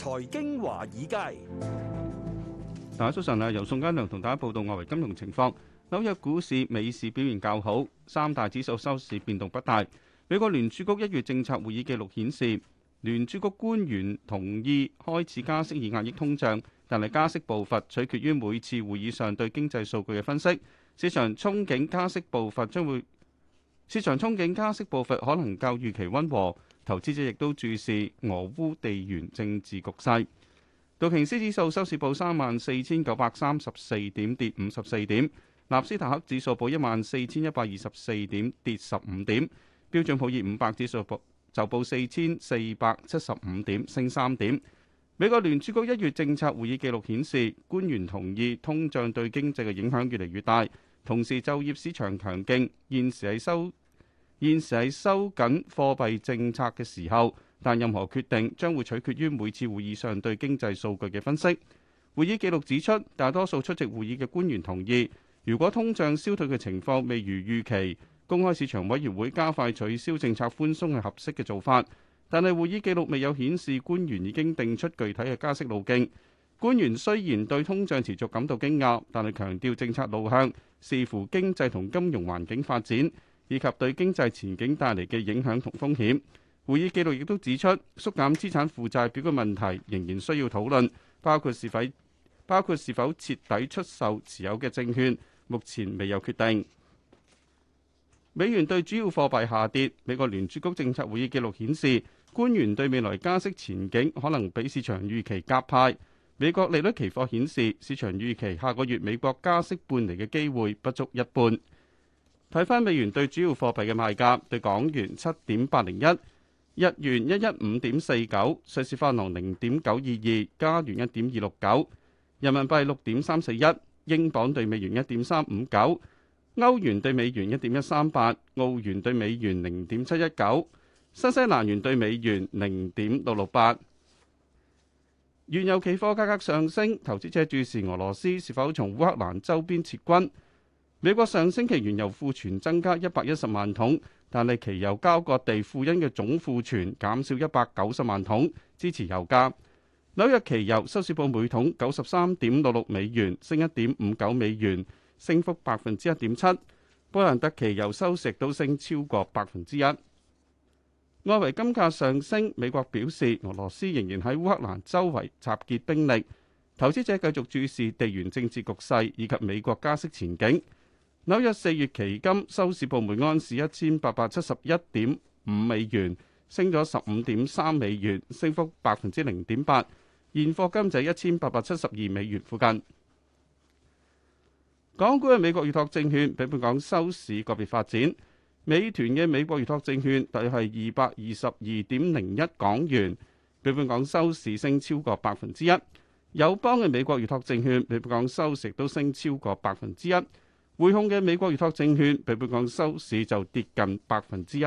財經華爾街，大家早晨啊！由宋嘉良同大家報道外圍金融情況。紐約股市，美市表現較好，三大指數收市變動不大。美國聯儲局一月政策會議記錄顯示，聯儲局官員同意開始加息以壓抑通脹，但係加息步伐取決於每次會議上對經濟數據嘅分析。市場憧憬加息步伐將會，市場憧憬加息步伐可能較預期溫和。投資者亦都注視俄烏地緣政治局勢。道瓊斯指數收市報三萬四千九百三十四點，跌五十四點。納斯塔克指數報一萬四千一百二十四點，跌十五點。標準普爾五百指數報就報四千四百七十五點，升三點。美國聯儲局一月政策會議記錄顯示，官員同意通脹對經濟嘅影響越嚟越大，同時就業市場強勁，現時係收。現時係收緊貨幣政策嘅時候，但任何決定將會取決於每次會議上對經濟數據嘅分析。會議記錄指出，大多數出席會議嘅官員同意，如果通脹消退嘅情況未如預期，公開市場委員會加快取消政策寬鬆係合適嘅做法。但係會議記錄未有顯示官員已經定出具體嘅加息路徑。官員雖然對通脹持續感到驚訝，但係強調政策路向，視乎經濟同金融環境發展。以及對經濟前景帶嚟嘅影響同風險。會議記錄亦都指出，縮減資產負債表嘅問題仍然需要討論，包括是否包括是否徹底出售持有嘅證券，目前未有決定。美元對主要貨幣下跌。美國聯儲局政策會議記錄顯示，官員對未來加息前景可能比市場預期鴿派。美國利率期貨顯示，市場預期下個月美國加息半釐嘅機會不足一半。睇翻美元對主要貨幣嘅賣價，對港元七點八零一，日元一一五點四九，瑞士法郎零點九二二，加元一點二六九，人民幣六點三四一，英鎊對美元一點三五九，歐元對美元一點一三八，澳元對美元零點七一九，新西蘭元對美元零點六六八。原油期貨價格上升，投資者注視俄羅斯是否從烏克蘭周邊撤軍。美國上星期原油庫存增加一百一十萬桶，但係期油交割地庫欣嘅總庫存減少一百九十萬桶，支持油價。紐約期油收市報每桶九十三點六六美元，升一點五九美元，升幅百分之一點七。布蘭特期油收市都升超過百分之一。外圍金價上升，美國表示俄羅斯仍然喺烏克蘭周圍集結兵力，投資者繼續注視地緣政治局勢以及美國加息前景。紐約四月期金收市報每安市一千八百七十一點五美元，升咗十五點三美元，升幅百分之零點八。現貨金就一千八百七十二美元附近。港股嘅美國預託證券比本港收市個別發展，美團嘅美國預託證券大約係二百二十二點零一港元，比本港收市升超過百分之一。友邦嘅美國預託證券比本港收市都升超過百分之一。匯控嘅美國預託證券比本港收市就跌近百分之一。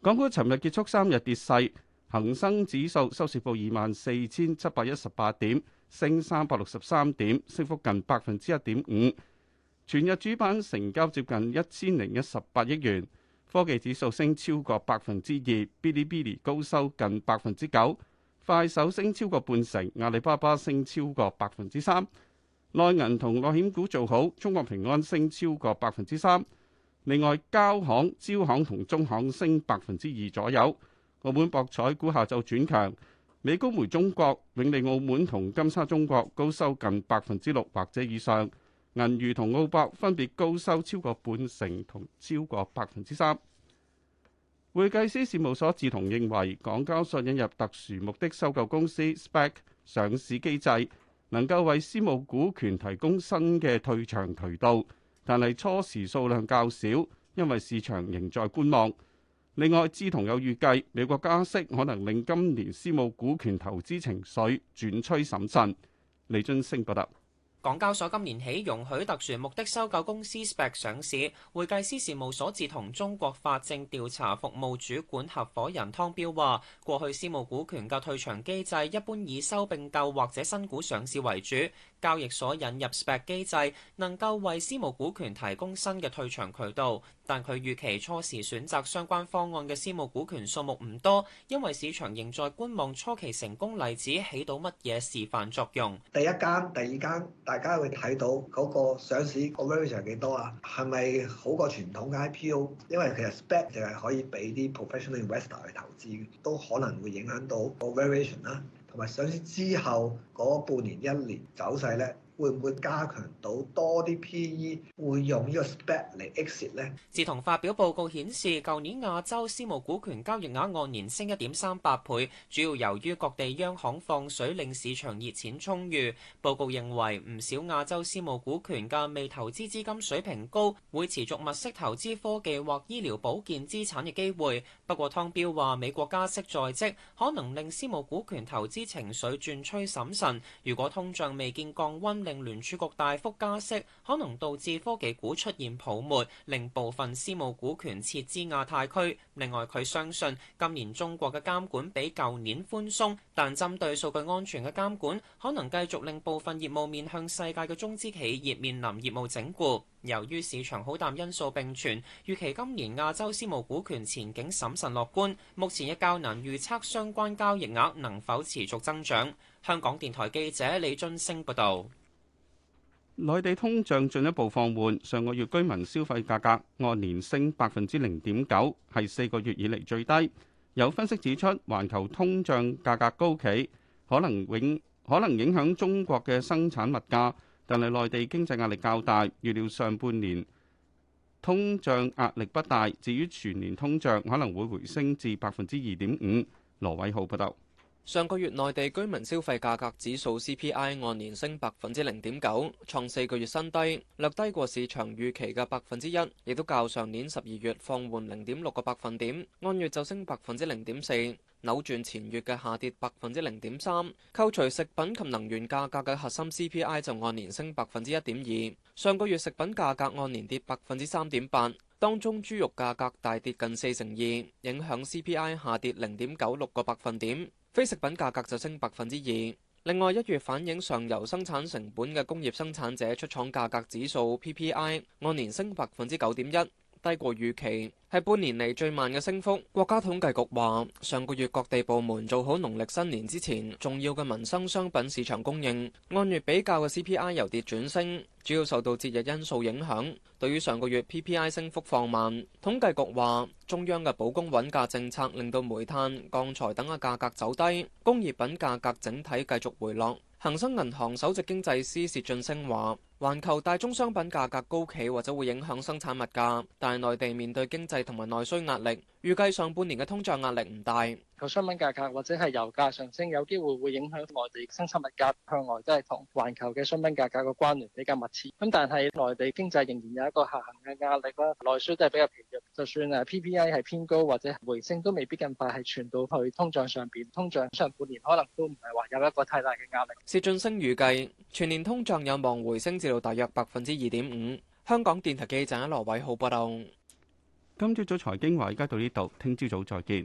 港股尋日結束三日跌勢，恒生指數收市報二萬四千七百一十八點，升三百六十三點，升幅近百分之一點五。全日主板成交接近一千零一十八億元，科技指數升超過百分之二，嗶哩嗶哩高收近百分之九，快手升超過半成，阿里巴巴升超過百分之三。內銀同內險股做好，中國平安升超過百分之三。另外，交行、招行同中行升百分之二左右。澳門博彩股下晝轉強，美高梅中國、永利澳門同金沙中國高收近百分之六或者以上。銀娛同澳博分別高收超過半成同超過百分之三。會計師事務所致同認為，港交所引入特殊目的收購公司 SPAC 上市機制，能夠為私募股權提供新嘅退場渠道，但係初時數量較少，因為市場仍在觀望。另外，資同有預計美國加息可能令今年私募股權投資情緒轉趨審慎。李俊升報道。港交所今年起容許特殊目的收購公司 SPAC 上市，會計師事務所自同中國法證調查服務主管合夥人湯彪話：過去私募股權嘅退場機制一般以收並購或者新股上市為主。交易所引入 Spec 機制，能夠為私募股權提供新嘅退場渠道，但佢預期初時選擇相關方案嘅私募股權數目唔多，因為市場仍在觀望初期成功例子起到乜嘢示範作用。第一間、第二間，大家會睇到嗰個上市、嗰個、valuation 係幾多啊？係咪好過傳統嘅 IPO？因為其實 Spec 就係可以俾啲 professional investor 去投資，都可能會影響到 valuation 啦。同埋，首先之後嗰半年、一年走勢咧。會唔會加強到多啲 PE 會用個呢個 SPAC 嚟 exit 咧？自同發表報告顯示，舊年亞洲私募股權交易額按年升一點三八倍，主要由於各地央行放水令市場熱錢充裕。報告認為，唔少亞洲私募股權嘅未投資資金水平高，會持續物色投資科技或醫療保健資產嘅機會。不過湯，湯彪話美國加息在即，可能令私募股權投資情緒轉趨審慎。如果通脹未見降溫，聯儲局大幅加息，可能導致科技股出現泡沫，令部分私募股權撤資亞太區。另外，佢相信今年中國嘅監管比舊年寬鬆，但針對數據安全嘅監管可能繼續令部分業務面向世界嘅中資企業面臨業務整固。由於市場好淡因素並存，預期今年亞洲私募股權前景審慎樂觀。目前亦較難預測相關交易額能否持續增長。香港電台記者李津升報道。內地通脹進一步放緩，上個月居民消費價格按年升百分之零點九，係四個月以嚟最低。有分析指出，環球通脹價格高企，可能永可能影響中國嘅生產物價，但係內地經濟壓力較大，預料上半年通脹壓力不大，至於全年通脹可能會回升至百分之二點五。羅偉浩報道。上個月內地居民消費價格指數 CPI 按年升百分之零點九，創四個月新低，略低過市場預期嘅百分之一，亦都較上年十二月放緩零點六個百分點，按月就升百分之零點四，扭轉前月嘅下跌百分之零點三。扣除食品及能源價格嘅核心 CPI 就按年升百分之一點二。上個月食品價格按年跌百分之三點八，當中豬肉價格大跌近四成二，影響 CPI 下跌零點九六個百分點。非食品價格就升百分之二，另外一月反映上游生產成本嘅工業生產者出廠價格指數 PPI 按年升百分之九點一。低過預期，係半年嚟最慢嘅升幅。國家統計局話，上個月各地部門做好農曆新年之前重要嘅民生商品市場供應。按月比較嘅 CPI 由跌轉升，主要受到節日因素影響。對於上個月 PPI 升幅放慢，統計局話，中央嘅保供穩價政策令到煤炭、鋼材等嘅價格走低，工業品價格整體繼續回落。恒生銀行首席經濟師薛俊昇話。環球大宗商品價格高企，或者會影響生產物價，但係內地面對經濟同埋內需壓力。預計上半年嘅通脹壓力唔大，個商品價格或者係油價上升有機會會影響內地生產物價，向來都係同環球嘅商品價格個關聯比較密切。咁但係內地經濟仍然有一個下行嘅壓力啦，內需都係比較疲弱。就算啊 PPI 係偏高或者回升，都未必咁快係傳到去通脹上邊。通脹上半年可能都唔係話有一個太大嘅壓力。薛俊升預計全年通脹有望回升至到大約百分之二點五。香港電台記者羅偉浩報道。今朝早財經話，而家到呢度，聽朝早再見。